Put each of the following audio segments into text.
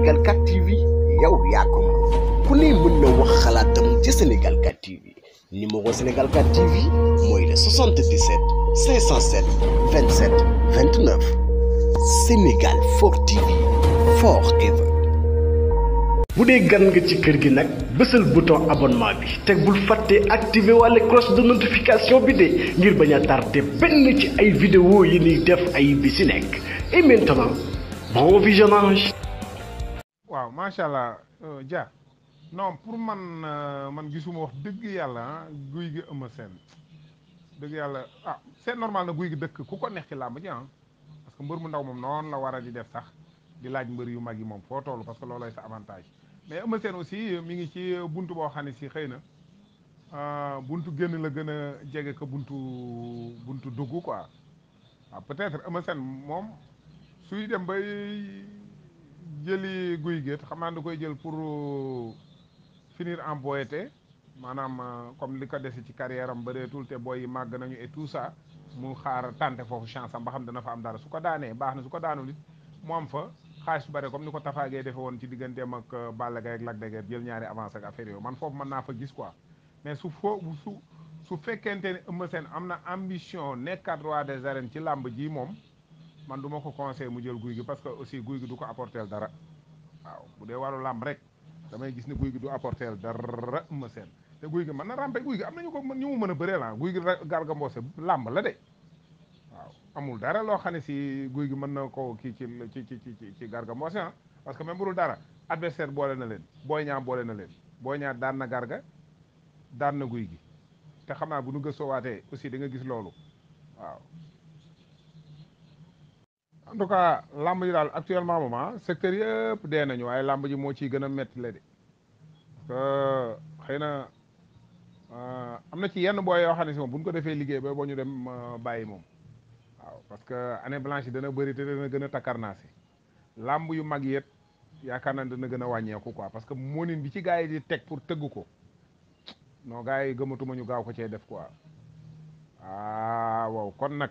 Sénégal 4 TV yow yaa ko ku ne mën na wax xalaatam ci Sénégal 4 TV numéro Sénégal 4 TV moy le 77 507 27 29 Sénégal 4 TV forever. Vous voulez gan nga ci kër gi nag bouton abonnement bi te bul fàtte la cloche de notification bi ne pas bañ tardé benn ci ay vidéo yi ni def ay et maintenant bon visionnage. macha euh Dia non pour man euh, man gisuma wax deug yalla guuy gi euma sen deug yalla ah c'est normal na guuy gi dëkk kuko ko lamb ci ji ah parce que mbeur mu ndaw mom non la wara di def sax di laaj mbeur yu magi mom fo tolu parce que lolay sa avantage mais euma sen aussi mi ngi ci buntu bo xani ci xeyna xëy euh, buntu genn la gëna jégué jege ka buntu buntu duggu quoi ah peut-être euma sen mom suy dem bay jëli guy gét xam naa koy jël pour euh, finir en beauté maanaam euh, comme li ko dese ci carrière am bëreetul te booy yi màgg nañu et tout ça mu xaar tante foofu chance am ba xam dana fa am dara su ko daanee baax na su ko daanul it mu am fa xaalis bu bare comme ni ko tafaagee defe woon ci digganteem ak euh, Balla Gaye ak Lac de jël ñaari avance ak affaire yooyu man foofu mën naa fa gis quoi mais su foo su su fekkente ne Eumeu Sène am na ambition nekkaat roi des arènes ci làmb jii moom man duma ko conseil mu jël guuy gi parce que aussi guuy gi du ko apporter dara waaw bu dee walu lamb rek damay gis ne guuy gi du apporter dara ma seen te guuy gi man na rampe guuy gi am ñu ko ñu mu mën a la guuy gi garga mboose lamb la de waaw amul dara loo xam ne si gi mën na ko ki ci ci ci ci ci garga mboose ah parce que même bu dul dara adversaire boole na leen booy ñaa boole na leen booy ñaa daan na daan na guuy gi te xam bu nu aussi da nga gis loolu waaw en tout cas làmb yi daal actuellement moment ah, secteur yëpp dee nañu waaye làmb ji moo ciy gën a métti la de parce que xëy na ah, am na ci yenn booy yoo xam ne si moom bu ko defee liggéey ba boo ñu dem ah, bàyyi moom waaw parce que année blanche yi dana bëri te dana gën a takkarnaasi làmb yu mag yet yaakaar naa dana gën a wàññeeku quoi parce que moonin bi ci gars yi di teg pour tëgg ko non gars yi gëmatuma ñu gaaw ko cee def quoi waaw kon nag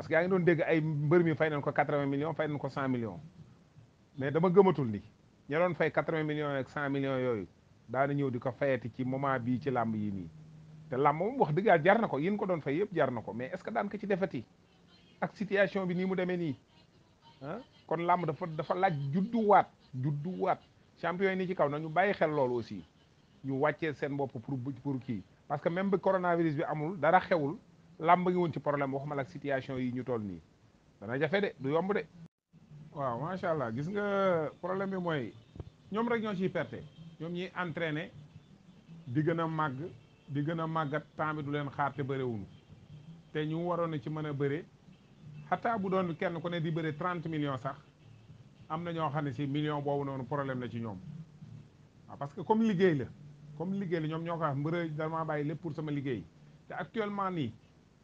parce que yaa ngi doon dégg ay mbër mi fay nañ ko 80 millions fay nañ ko 100 millions mais dama gëmatul ni ña doon fay 80 millions ak yooyu daana ñëw di ko fayati ci moment bi ci làmb yi nii te làmb moom wax dëgg jar na ko yin ko doon fay yëpp jar na ko mais est-ce que daan ko ci defati ak situation bi nii mu demee nii ah kon làmb dafa dafa laaj judduwaat judduwaat champion yi nii ci kaw na ñu bàyyi xel loolu aussi ñu wàccee seen bopp pour pour kii parce que même bi coronavirus bi amul dara xewul làmb ngi woon ci problème waxuma la ak situation yi ñu toll nii dana jafe de du yomb de. waaw macha allah gis nga problème bi mooy ñoom rek ñoo ciy perte ñoom ñuy entraîner di gën a màgg di gën a màggat temps du leen xaar te bëriwuñu te ñu waroon ci mën a bëre xataa bu doon kenn ku ne di bëre trente millions sax am na ñoo xam ne si million boobu noonu problème la ci ñoom waaw parce que comme liggéey la comme liggéey la ñoom ñoo ko wax mbërë dama bàyyi lépp pour sama liggéey te actuellement nii.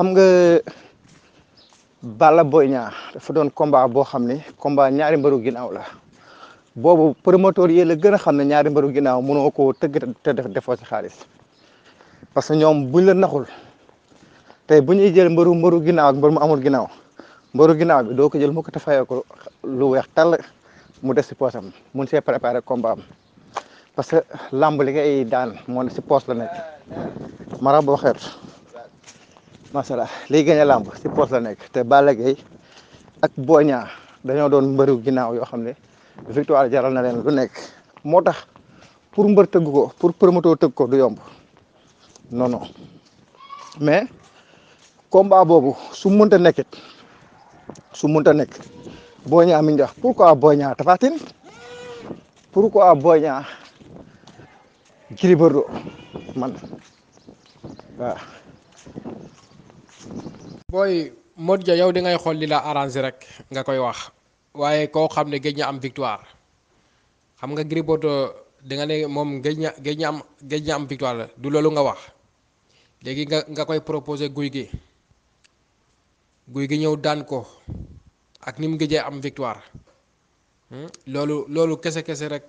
xam nga bala Boy Niang dafa doon combat bo xamni combat ñaari mbaru ginaaw la bobu promoteur yi la gëna xamni ñaari mbaru ginaaw mëno ko tegg te def defo ci xaaliss parce que ñom buñ la naxul tay bu jël mbaru mbaru ginaaw ak mbaru amul ginaaw mbaru ginaaw bi do ko jël mu ko ko lu weex tal mu des préparer combat am parce que lamb li ngay daan mo ne la nek mara masalah allah liy gagné làmb ci poos la nek te Balla eh. ak boña dañu doon mbeuru ginaaw yo xam victoire jaral na len lu nek motax pour mbeur tëgg ko pour promoteur tëgg ko du yomb non non mais combat bobu su munta nekit su munta nek boña mi ndax pourquoi boña tafatine pourquoi boña kiri man waaw booy mot ja yow di ngay xool li la arrangé rek nga koy wax waaye koo xam ne géej na am victoire xam nga Gris Bordeaux di nga ne moom géej na géej na am victoire du loolu nga wax léegi nga nga koy proposé guy gi guy gi ñëw daan ko ak ni mu géejee am victoire hmm? loolu loolu kese kese rek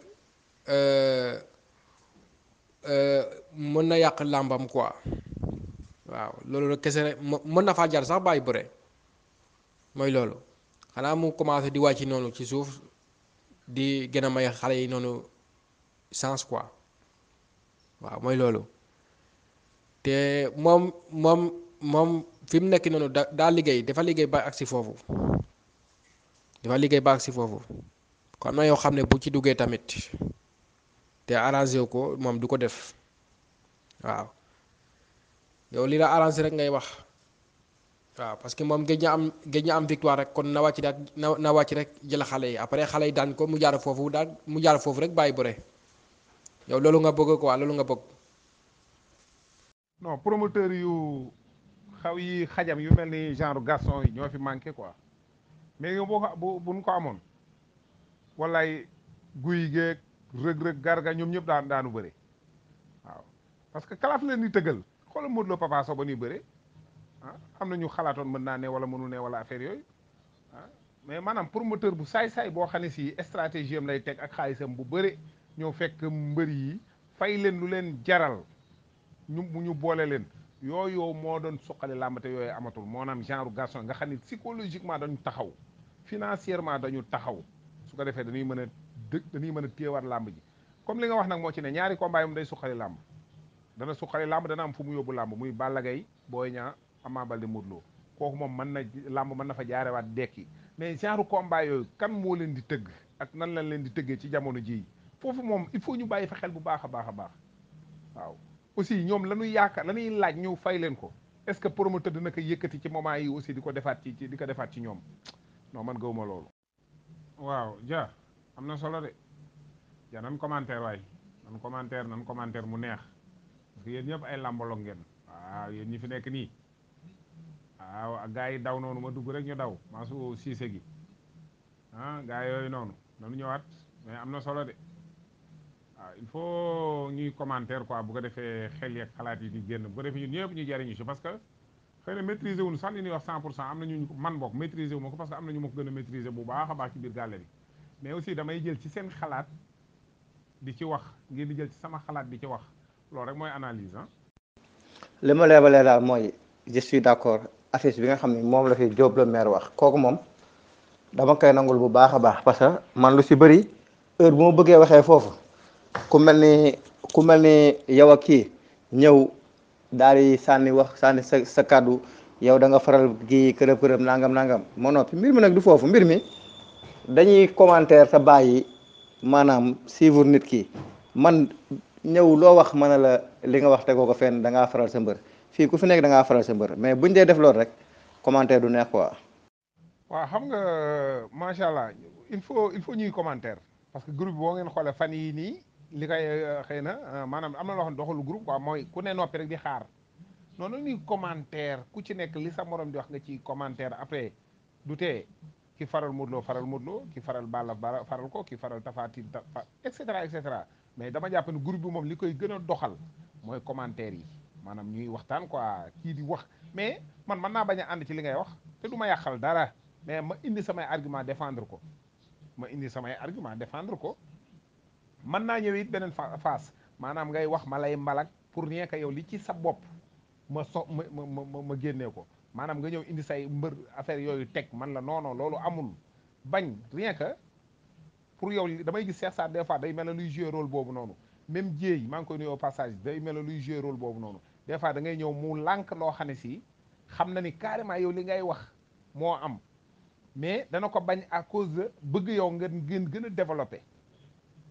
euh, euh, mën na yàq làmbam quoi. waaw loolu nag kese rek mën na faa jar sax bàyyi bëre mooy loolu xanaa mu commencé di wàcc noonu ci suuf di gën a may xale yi noonu sens quoi waaw mooy loolu te moom moom moom fi mu nekk noonu da daa liggéey dafa liggéey ba ak si foofu dafa liggéey ba ak foofu kon am na yoo xam ne bu ci duggee tamit te arrangé ko moom du ko def waaw. yow lii la arrangé rek ngay wax waaw parce que moom géej am géej na am victoire rek kon na wàcc daal na na wàcc rek jël xale yi après xale yi daan ko mu jaar foofu daan mu jaar foofu rek bàyyi bëre yow loolu nga bëgg quoi loolu nga bëgg. non promoteur yu xaw yi xajam yu mel ni genre garçon yi ñoo fi manqué quoi mais yow boo ko buñ ko amoon wallaay guy geeg rëg-rëg garga ñoom ñëpp daan daanu bëre waaw parce que kalaaf leen tëggal. xoola Modou Lo Papa Sow ba nuy bëre ah am na ñu xalaatoon mën naa ne wala mënu ne wala affaire yooyu ah mais maanaam promoteur bu saay-saay boo xam ne si stratégie am lay teg ak xaalisam bu bëre ñoo fekk mbër yi fay leen lu leen jaral ñu ñu boole leen yooyu moo doon suqali làmb te yooyu amatul moo naam genre garçon nga xam ne psychologiquement dañu taxaw financièrement dañu taxaw su ko defee dañuy mën a dëkk dañuy mën a téyewaat làmb ji comme li nga wax nag moo ci ne ñaari combat yi moom day suqali làmb dana suqali làmb dana am fu mu yóbbu làmb muy Balla Gaye boo Niang Ama Baldé Modou Lo kooku moom mën na làmb mën na fa jaarewaat dekki mais genre combat yooyu kan moo leen di tëgg ak nan lañ leen di tëggee ci jamono jii foofu moom il faut ñu bàyyi fa xel bu baax a baax a baax waaw aussi ñoom la ñuy yaakaar la ñuy laaj ñu fay leen ko est-ce que promoteur dina ko yëkkati ci moment yi aussi di ko defaat ci di ko defaat ci ñoom non man gëwuma loolu. waaw ja am na solo de ja nan commentaire waay nan commentaire nan mu neex. parce que yéen ñëpp ay làmbolog ngeen waaw yeen ñi fi nekk ni waaw gaay yi daw nonu ma dugg rek ñu daw ma su siise gi ah gaay yoy nonu nanu ñewat mais amna solo de ah il faut ñuy commentaire quoi bu ko defé xel yeeg xalaat yi di genn bu ko defee ñun ñep ñu jariñu ci parce que xeyna maîtriser wuñu sax ni wax 100 amna ñu man bok maîtriser wu mako parce que amna ñu mako gëna maîtriser bu baaxa baax ci bir biir bi mais aussi damay jël ci seen xalaat di ci wax ngir di jël ci sama xalaat di ci wax lool rek mooy analyse ah. li ma leebalee daal mooy je suis d' accord affiche bi nga xam ne moom la fi Diop le maire wax kooku moom dama koy nangul bu baax a baax parce que man lu si bëri heure bu ma bëggee waxee foofu ku mel ni ku mel ni yow ak kii ñëw daal di sànni wax sànni sa sa kàddu yow da nga faral gi kërëb kërëb nangam nangam ma noppi mbir mi nag du foofu mbir mi dañuy commentaire sa bàyyi maanaam suivre nit ki man ñew lo wax mën la li nga wax tegoo ko fenn da nga faral sa mbeur fi ku fi nek da nga faral sa mbeur mais buñ dé def lool rek commentaire du neex quoi. wa xam nga ma sha allah il faut il faut ñuy commentaire parce que groupe bo ngeen xolé fan yi ni li kay euh, xeyna euh, manam amna lo xon doxul groupe quoi moy ku ne nopi rek di xaar nonu ñuy commentaire ku ci nek li sa morom di wax nga ci commentaire après du té ki faral mudlo faral mudlo ki faral Balla faral ko ki faral tafati et cetera et cetera mais dama japp ni groupe bi mom likoy gëna doxal moy commentaire yi manam ñuy waxtaan quoi ki di wax mais man man na baña and ci li ngay wax te duma ma dara mais ma indi sama argument défendre ko ma indi sama argument défendre ko man na ñëw it beneen face manam ngay wax ma lay mbalak pour rien que yow li ci sa bop ma so ma ma ma génnee ko manam nga ñëw indi say mbeur affaire yoyu tek man la non non loolu amul bagn rien que pour yow damay gis Cheikh Sarr des fois day mel ne luy joué boobu noonu même jéey maa ngi koy nuyoo passage day mel ne luy joué rôle boobu noonu des fois ngay ñëw mu lànk loo xam ne si xam na ni carrément yow li ngay wax moo am mais dana ko bañ à cause de bëgg yow nga gën gën a développé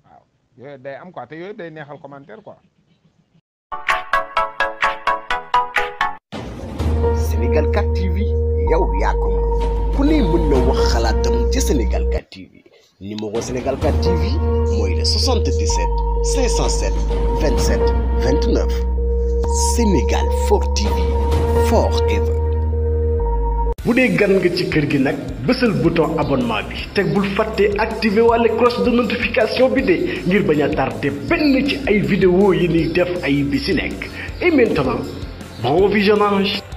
waaw yooyu day am quoi te yooyu day neexal commentaire quoi. Sénégal 4 TV yow yaa ko ku ne mën na wax xalaatam ci Sénégal 4 TV. numéro Sénégal 4 TV il est 77 507 27 29 Sénégal 4 TV forever. Vous vous gan nga ci kër gi sur le bouton abonnement vous teg bul fàtte la cloche de notification bi tardé vidéo yi ni def ay et maintenant bon visionnage.